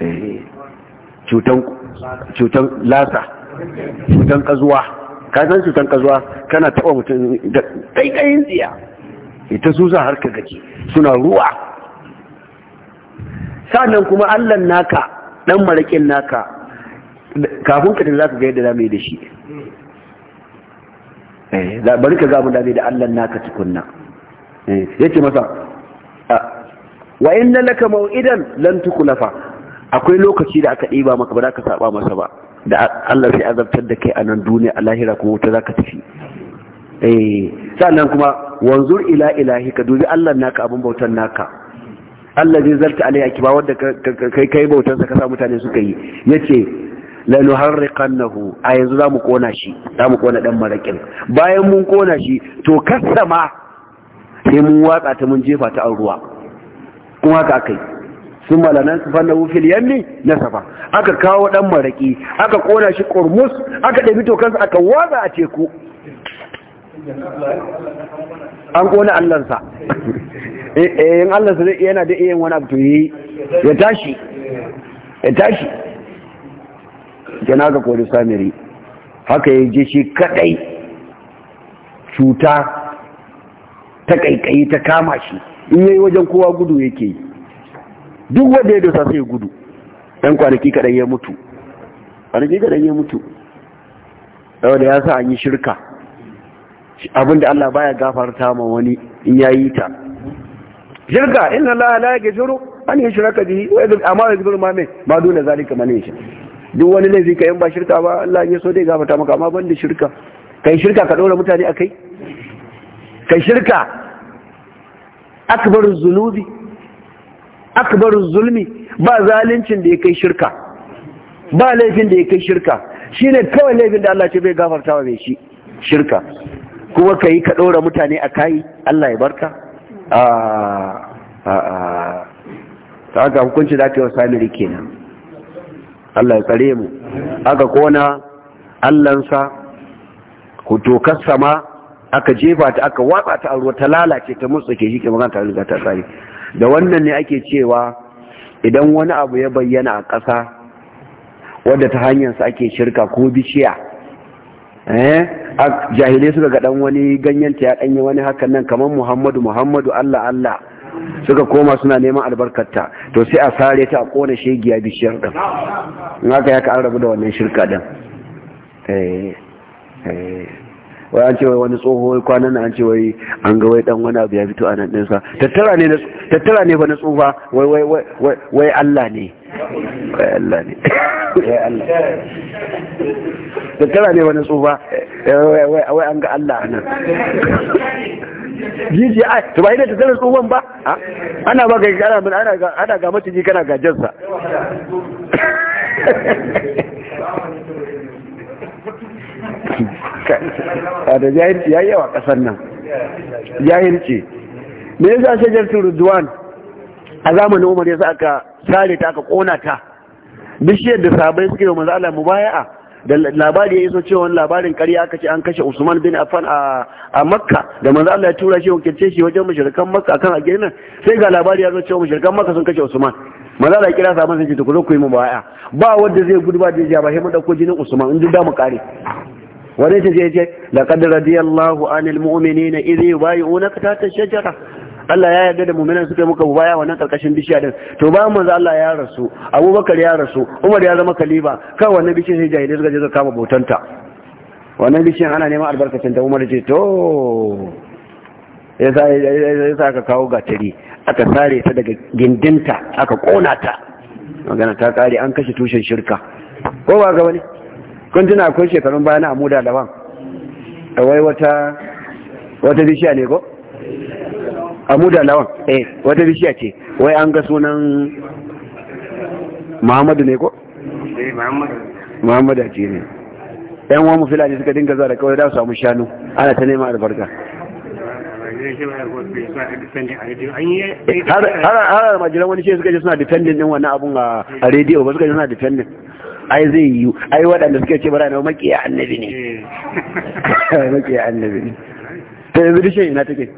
eh, ku. cutan lasa cutan kazuwa ka san cutan kazuwa kana taɓa mutum da ɗaiɗayin tsiya ita su za har ka gaji suna ruwa sannan kuma allan naka ɗan marakin naka kafin ka za ka ga yadda za mu yi da shi eh, bari ka zamu dame da allan naka eh, Ya ce masa wa inna laka mau'idan lan tukulafa akwai lokaci da aka ɗiba maka ba za ka saba masa ba da Allah sai azabtar da kai a nan duniya a lahira kuma wuta za ka tafi eh sannan kuma wanzur ila ilahi ka dubi Allah naka abin bautar naka Allah zai zarta alai ba wanda kai kai bautar sa ka sa mutane suka yi yace la nuharriqannahu a yanzu zamu kona shi zamu kona dan marakin bayan mun kona shi to kasama sai mun watsa ta mun jefa ta an ruwa kuma haka akai sun malanan su fanna wufil yammi na safa aka kawo ɗan maraki aka kona shi kurmus aka ɗabi tokansa aka waza a teku an kona allansa eh, eh, in allansa zai yana da iya wani abu yi ya tashi ya tashi jana ga kori samiri haka ya je shi kaɗai cuta ta kaikayi ta kama shi in yayi wajen kowa gudu yake yi duk wanda ya dosa sai ya gudu ɗan kwanaki kaɗan ya mutu kwanaki kaɗan ya mutu da ya sa an yi shirka abinda Allah baya gafarta ma wani in ya yi ta shirka inna Allah la shiru. an yushraka bihi wa yadhur amma yaghfiru ma min ba dole zalika man shi duk wani laifi ka kayan ba shirka ba Allah ya so dai gafarta maka amma ban da shirka kai shirka ka dora mutane akai kai shirka akbar zunubi akbar zulmi ba zalincin da ya kai shirka ba laifin da ya kai shirka Shi ne kawai laifin da Allah ce bai gafarta wa mai shi shirka kuma ka yi ka ɗora mutane a kayi, Allah ya barka a ah, a ah, a ah. ta hukunci da aka yi wa samiri kenan Allah ya tsare mu aka kona allansa ku tokar sama aka jefa ta aka watsa ta a ruwa ta lalace ta mutsa ke shi ke magana ta riga ta tsari da wannan ne ake cewa idan wani abu ya bayyana a ƙasa wadda ta hanyarsa ake shirka ko bishiya eh jahilai suka ga dan wani ganyen ta ya danye wani hakan nan kamar Muhammadu Muhammadu Allah Allah suka koma suna neman albarkarta to sai a sare ta a kona shegiya bishiyar din in haka ya ka an rabu da wannan shirka din eh eh wai an ce wai wani tsoho kwanan an ce wai an ga wai dan wani abu ya fito a nan ɗinsa tattara ne tattara ne ba na tsufa wai wai wai wai Allah ne wai Allah ne wai Allah tattara ne ba na tsufa wai an ga Allah a nan jiji ai to ba ina tattara tsohon ba ana ba ga kana ana ga ana ga maciji kana gajensa Thank you. da jahilci ya yi yawa ƙasar nan jahilci me yasa shajar turuduwan a zamanin umar yasa aka sare ta aka kona ta bishiyar da sabai suke wa maza mu mubaya'a da labari ya iso cewa labarin ƙarya aka ce an kashe Usman bin Affan a Makka da maza'ala ya tura shi wakilce shi wajen mashirkan Makka akan agenin sai ga labari ya zo cewa mashirkan Makka sun kashe Usman maza'ala da kira sa sun ce ku ku yi mu baya ba wanda zai gudu ba da ya ba sai mu ɗauko jinin Usman in ji damu mu kare wani ta je je laqad radiyallahu anil bayi idh ta tahta shajara Allah ya yarda da mu'minan suka muka baya wannan karkashin bishiya din to ba manzo Allah ya rasu Abubakar ya rasu Umar ya zama kaliba kan wannan bishiyar sai jahilai suka je suka kama botanta wannan bishiyar ana neman albarkacin da Umar ce to yasa aka kawo gatari aka sare ta daga gindinta aka kona ta magana ta kare an kashe tushen shirka ko ba ga wani kun tuna kun shekarun bayan amu da lawan wai wata wata bishiya ne ko amu da lawan eh wata bishiya ce wai an ga sunan muhammadu ne ko eh, muhammadu ce ne yan wani filani suka dinga zuwa da kawai da su samu shanu ana ta nema albarka eh, har majalan wani ce suka ji suna dependent din wannan abun a rediyo ba suka ji suna dependent ai zai yi ai waɗanda suka ce bara na makiya annabi ne makiya annabi ne ta yanzu bishiyar ina take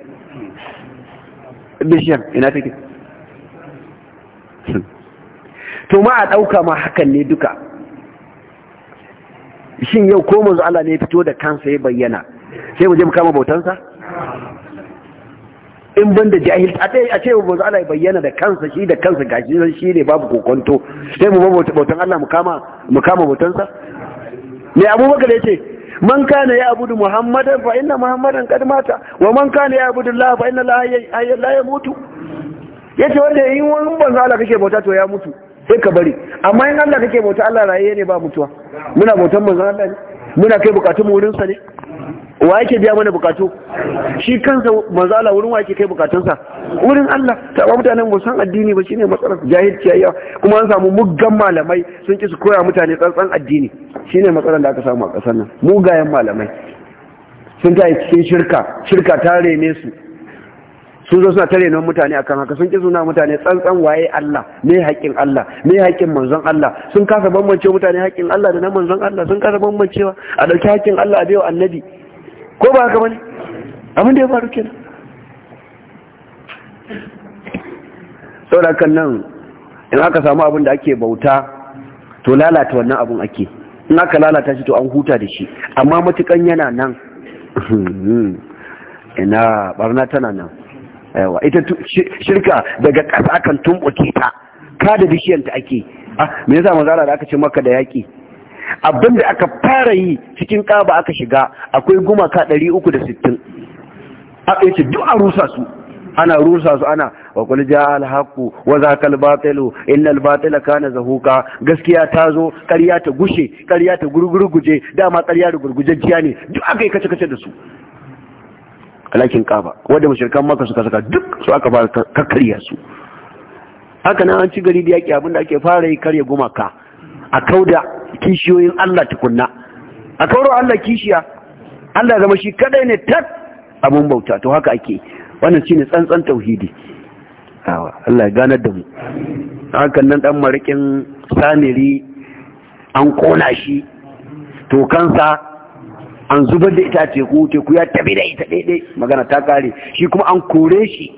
bishiyar ina take hmm. to ma a ɗauka ma hakan ne duka shin yau ko manzo Allah ne fito da kansa ya bayyana sai mu je mu kama bautansa in ban da jahil a ce a ce manzo Allah bayyana da kansa shi da kansa gashi shi ne babu kokonto sai mu babu bautan Allah mu kama mu kama bautansa me Abubakar yace man kana ya abudu Muhammadan fa inna Muhammadan kad mata wa man kana ya abudu Allah fa inna Allah la yamutu yace wanda in wani banza Allah kake bauta to ya mutu sai ka bari amma in Allah kake bauta Allah raye ne ba mutuwa muna bautan manzo Allah ne muna kai bukatun mu wurin sa ne wa yake biya mana bukatu shi kansa manzala wurin wa yake kai bukatunsa wurin Allah ta ba mutanen ba san addini ba shine matsalar jahilci yayya kuma an samu muggan malamai sun ki su koya mutane tsantsan addini shine matsalar da aka samu a kasar nan mugayen malamai sun ta cikin shirka shirka ta rene su sun zo suna tare nan mutane akan haka sun ki suna mutane tsantsan waye Allah me haƙin Allah me haƙin manzon Allah sun kasa bambance mutane haƙin Allah da na manzon Allah sun kasa bambancewa a dauki haƙin Allah a bayo annabi ko ba haka bane abin da ya faru kenan saurakan nan in aka samu abin da ake bauta to lalata wannan abin ake in aka lalata shi to an huta da shi amma matukan yana nan ina barna tana nan yawa ita shirka daga ƙasa kan tumɓuke ta kada bishiyanta ake ah me yasa manzara da aka ce maka da yaƙi abin da aka fara yi cikin kaba aka shiga akwai gumaka 360 aka ce duk a rusa su ana rusa su ana wa ja alhaku wa za ka albatilu inna albatila ka na zahuka gaskiya ta zo ƙarya ta gushe ƙarya ta gurguje, dama ƙarya da jiya ne duk aka yi kace kace da su alakin kaba wanda mashirkan maka suka saka duk su aka fara kakkarya su haka nan an ci gari da abin abinda ake fara yi karya gumaka a kauda kishiyoyin Allah tukunna a kawo Allah kishiya Allah zama shi kadai ne tak abun bauta to haka ake wannan shine tsantsan tauhidi Allah ya ganar da mu hakan nan dan marikin samiri an kona shi to kansa an zubar da ita teku teku ya tabi da ita daidai magana ta kare shi kuma an kore shi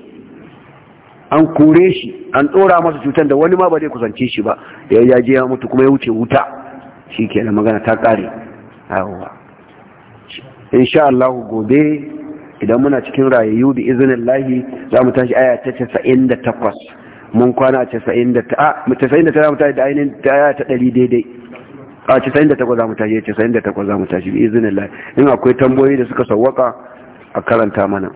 an kore shi an tsora masa cutar da wani ma ba zai kusance shi ba ya yaje ya mutu kuma ya wuce wuta shi ke na magana ta ƙare yawa insha Allah gobe idan muna cikin rayayyu bi izinin lahi za mu tashi aya ta casa'in da takwas mun kwana casa'in da ta casa'in da ta za mu tashi da ainihin ta aya ta ɗari daidai a casa'in da takwas za mu tashi casa'in da takwas za mu tashi bi izinin lahi in akwai tamboyi da suka sawwaka a karanta mana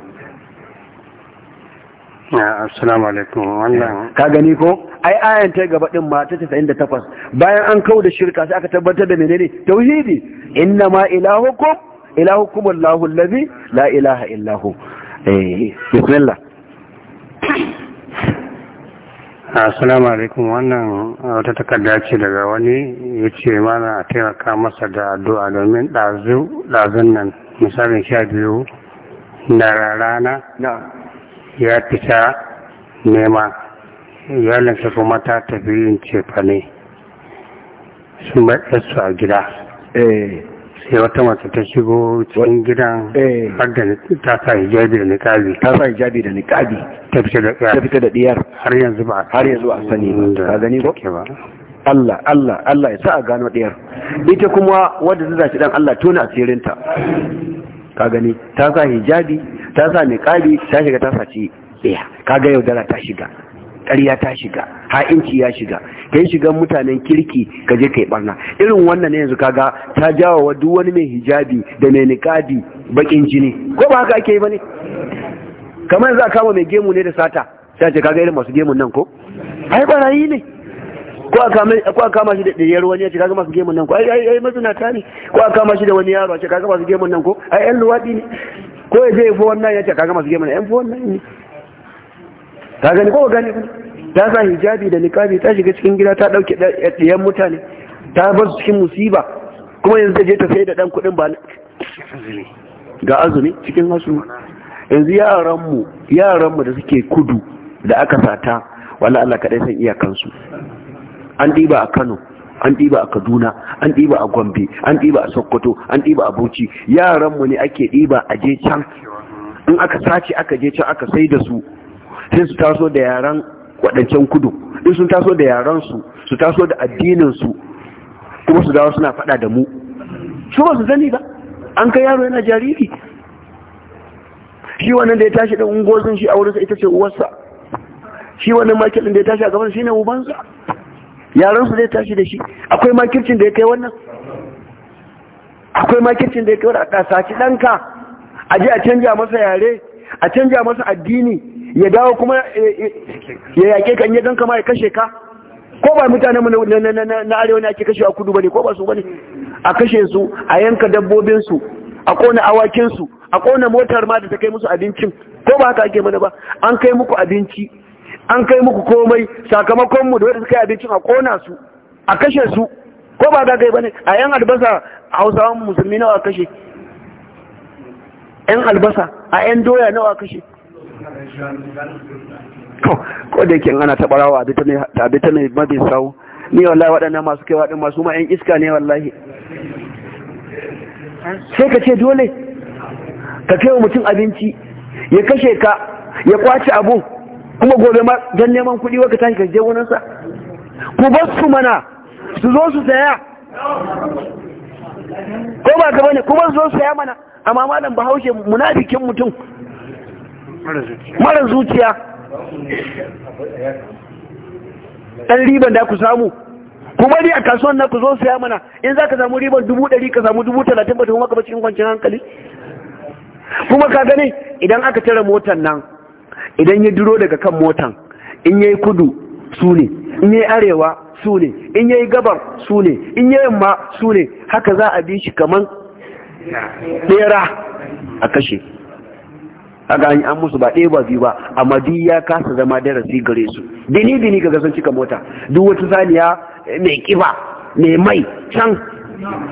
assalamu alaikum wannan ka gani ko ai ayan ta gaba din ma ta 98 bayan an da shirka sai aka tabbatar da menene tauhidi inna ma ilahukum ilahukum Allahu allazi la ilaha illa hu eh bismillah assalamu alaikum wannan wata takarda ce daga wani yace mana a taimaka masa da addu'a domin dazu dazun nan misalin sha biyu na rana ya fita nema iyalinsa kuma ta tafi yin cefa ne sun baɗe su a gida eh. sai wata mace ta shigo cikin gidan eh. har da ta sa hijabi da niƙabi ta sa hijabi da niƙabi ta fita da ɗiyar har yanzu ba har yanzu a sani ba ta gani ko Allah Allah Allah ya sa a gano ɗiyar ita kuma wadda ta zaci dan Allah tona asirinta ka gani ta sa hijabi ta sa niqabi ta shiga ta saci iya kaga yaudara ta shiga ƙarya ta shiga ha'inci ya shiga kai shigan mutanen kirki ka je kai barna irin wannan ne yanzu kaga ta jawo wa duk wani mai hijabi da mai niqabi bakin jini ko ba haka ake yi bane kamar yanzu a kama mai gemu ne da sata sai ce kaga irin masu gemun nan ko ai barayi ne ko a kama shi da ɗayar wani yace ce kaga masu gemun nan ko ai ai mazinata ne ko a kama shi da wani yaro a ce kaga masu gemun nan ko ai yan luwaɗi ne ko ya je fi wannan yace ce kaga masu gemun nan yan fi wannan ne ta gani ko ka gani ta sa hijabi da niqabi ta shiga cikin gida ta ɗauke ɗayan mutane ta bar su cikin musiba kuma yanzu ta je ta sai da ɗan kuɗin ba ga azumi cikin hasu yanzu yaranmu yaranmu da suke kudu da aka sata wala Allah kaɗai san iyakansu an ɗiba a kano an ɗiba a kaduna an ɗiba a gombe an ɗiba a sokoto an ɗiba a bauchi yaranmu ne ake ɗiba a je can in aka sace aka je can aka sai da su sai su taso da yaran waɗancan kudu in sun taso da yaran su su taso da addinin su kuma su dawo suna faɗa da mu su ba su sani ba an kai yaro yana jariri shi wannan da ya tashi da ungozin shi a wurinsa ita ce uwarsa shi wannan makilin da ya tashi a gaban shi ne ubansa yaran su zai tashi da shi akwai makircin da ya kai wannan akwai makircin da ya kai wannan a saci ɗanka a je a canja masa yare a canja masa addini ya dawo kuma eh, eh, ya yaƙe kan in kama ma ya kashe ka ko ba mutanenmu na arewa ne ake kashe a kudu bane ko ba su bane a kashe su a yanka dabbobinsu a ƙona awakinsu a ƙona motar ma da ta kai musu abincin ko ba haka ake mana ba an kai muku abinci an kai muku komai sakamakon mu da wadda suka yi abincin a kona su a kashe su ko ba ga kai bane a yan albasa a hausawan musulmi nawa kashe yan albasa a yan doya nawa kashe ko da yake ana tabarawa a bita mai mabi sau ni wallahi waɗannan masu kai waɗin masu ma yan iska ne wallahi sai ka ce dole ka kai wa mutum abinci ya kashe ka ya kwace abu kuma gobe ma don neman kuɗi waka ta ka je wunansa ku ba su mana su zo su saya ko ba ka bane kuma su zo su saya mana amma malam bahaushe munafikin mutum mara zuciya ɗan riban da ku samu kuma ne a kasuwan na ku zo saya mana in za ka samu riban dubu ɗari ka samu dubu talatin ba ta kuma ka cikin kwanciyar hankali kuma ka gani idan aka tara motar nan idan ya duro daga kan motan in yayi kudu su ne in yayi arewa su ne in yayi gabar su ne in yayi yamma su ne haka za a bi shi kamar bera a kashe A an an musu ba ɗaya ba biyu ba amma duk ya kasa zama darasi gare su bini bini ga sun cika mota duk wata saniya mai kiba mai mai can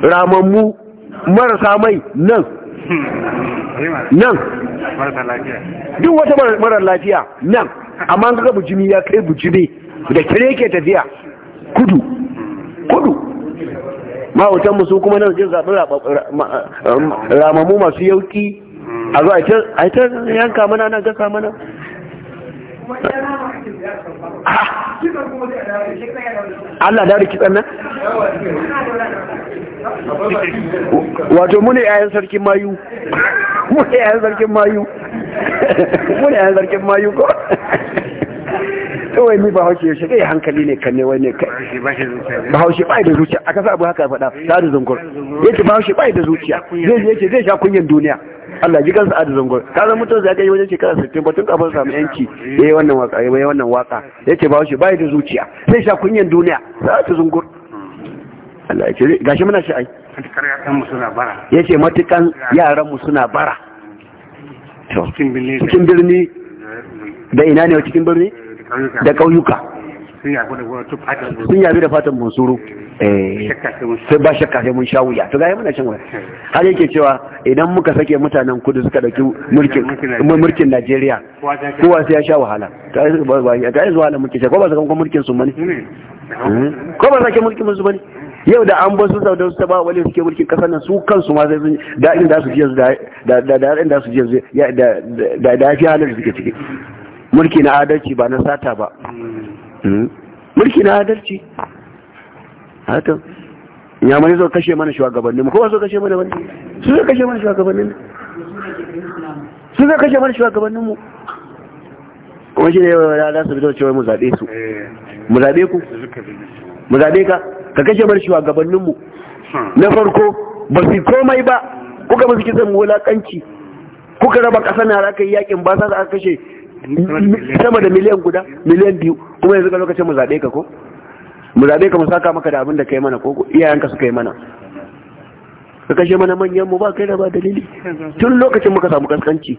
ramammu marasa mai nan nan duk wata marar lafiya nan amma an kaka bujimi ya kai bujimi da kire ke tafiya kudu kudu wutan musu kuma nan jin zaɓi um, ramamu masu yauki a zo a ita yanka mana nan gasa mana Allah da rikitsan nan? wato mune yayan sarkin mayu mune yayan sarkin mayu mune yayan sarkin mayu ko kawai mi ba haushe yaushe kai hankali ne kan ne wai ne ba haushe ba da zuciya aka sa abu haka faɗa da zungur yake ba haushe ba da zuciya zai yake zai sha kunyan duniya Allah ji kansa da zungur ka zama mutum zai kai wajen shekara 60 batun kafin samu yanki yayi wannan waka yayi wannan waka yake ba haushe ba da zuciya zai sha kunyan duniya da zungur Allah ya ce gashi muna shi ai matukar yaran mu suna bara yace yaran mu suna bara to cikin birni da ina ne cikin birni da kauyuka sun yabi da fatan mansuru eh, sai ba shakka sai mun sha wuya to gaya muna shan wuya eh. har yake cewa idan muka sake mutanen kudu suka dauki mulkin Najeriya kowa sai ya sha wahala ga yanzu wahala muke sha ko ba kankan mulkin su bane hmm? ko ba sake mulkin su bane yau da an basu sau da su taba wale suke mulkin kasar nan su kansu ma zai da inda su ji yanzu da su ji da da fi halar suke ciki mulki na adalci ba na sata ba hmm? mulki na adalci haka ya mani zo kashe mana shugabannin mu kowa zo kashe mana wani su zo kashe mana shugabannin su zo kashe mana shugabannin mu kuma shi ne ya da su zo cewa mu zaɓe su eh. mu zaɓe ku mu zaɓe ka ka kashe bar shugabanninmu na farko ba su komai ba kuka ba su kisan wulakanci kuka raba kasa na aka yi yakin ba sa aka kashe sama da miliyan guda miliyan biyu kuma yanzu ga lokacin mu zaɓe ka ko mu zaɓe ka mu saka maka da abin da kai mana ko iyayenka suka yi mana ka kashe mana manyan mu ba kai da ba dalili tun lokacin muka samu kaskanci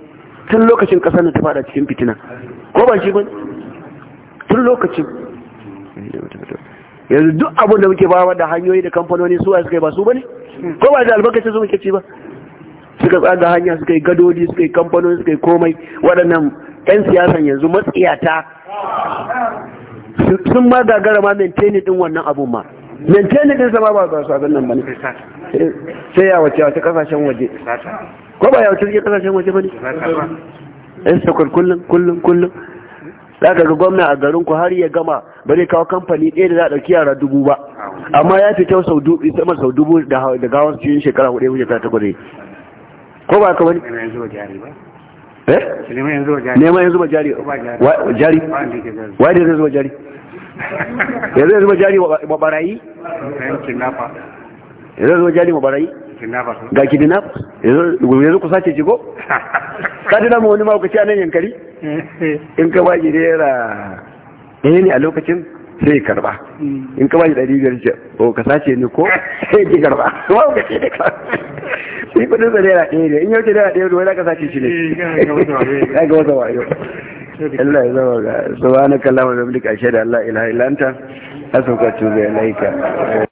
tun lokacin ƙasar na ta fada cikin fitina ko ba shi ba tun lokacin yanzu duk abin da muke bawa da hanyoyi da kamfanoni su suka yi ba su bane ko ba da albarkacin su muke ci ba suka tsada hanya suka yi gadodi suka yi kamfanoni suka yi komai waɗannan 'yan siyasan yanzu matsiyata sun ma gagara ma maintaini din wannan abun ma maintaini din sama ba su abin nan ne sai ya wace wace kasashen waje ko ba ya wace kasashen waje bane sai kullum kullum kullum za ka ga gwamna a garin ku har ya gama ba zai kawo kamfani ɗaya da za a ɗauki yara dubu ba amma ya kyau sau dubu sama sau dubu da gawan cikin shekara hudu ta takwas ne ko ba ka wani neman yanzu eh? ba jari jari wai da yanzu ba jari yanzu yanzu ba jari ba barayi yanzu yanzu ba jari ba barayi ga kidnappers yanzu ku sace ciko? ka dina mu wani makwaci a nan yankari eh. in ka ba shi naira ɗaya ne a lokacin sai karba mm. in ka ba shi ɗari biyar ce o ka sace ni ko sai ki karba ku ne ka sai kudin sa naira ɗaya ne in yau ce naira ɗaya ne wani ka sace shi ne ya eh, ga wasa wayo Allah ya zama ga subhanaka Allahumma wa bihamdika ashhadu an la ilaha illa anta astaghfiruka wa atubu ilaika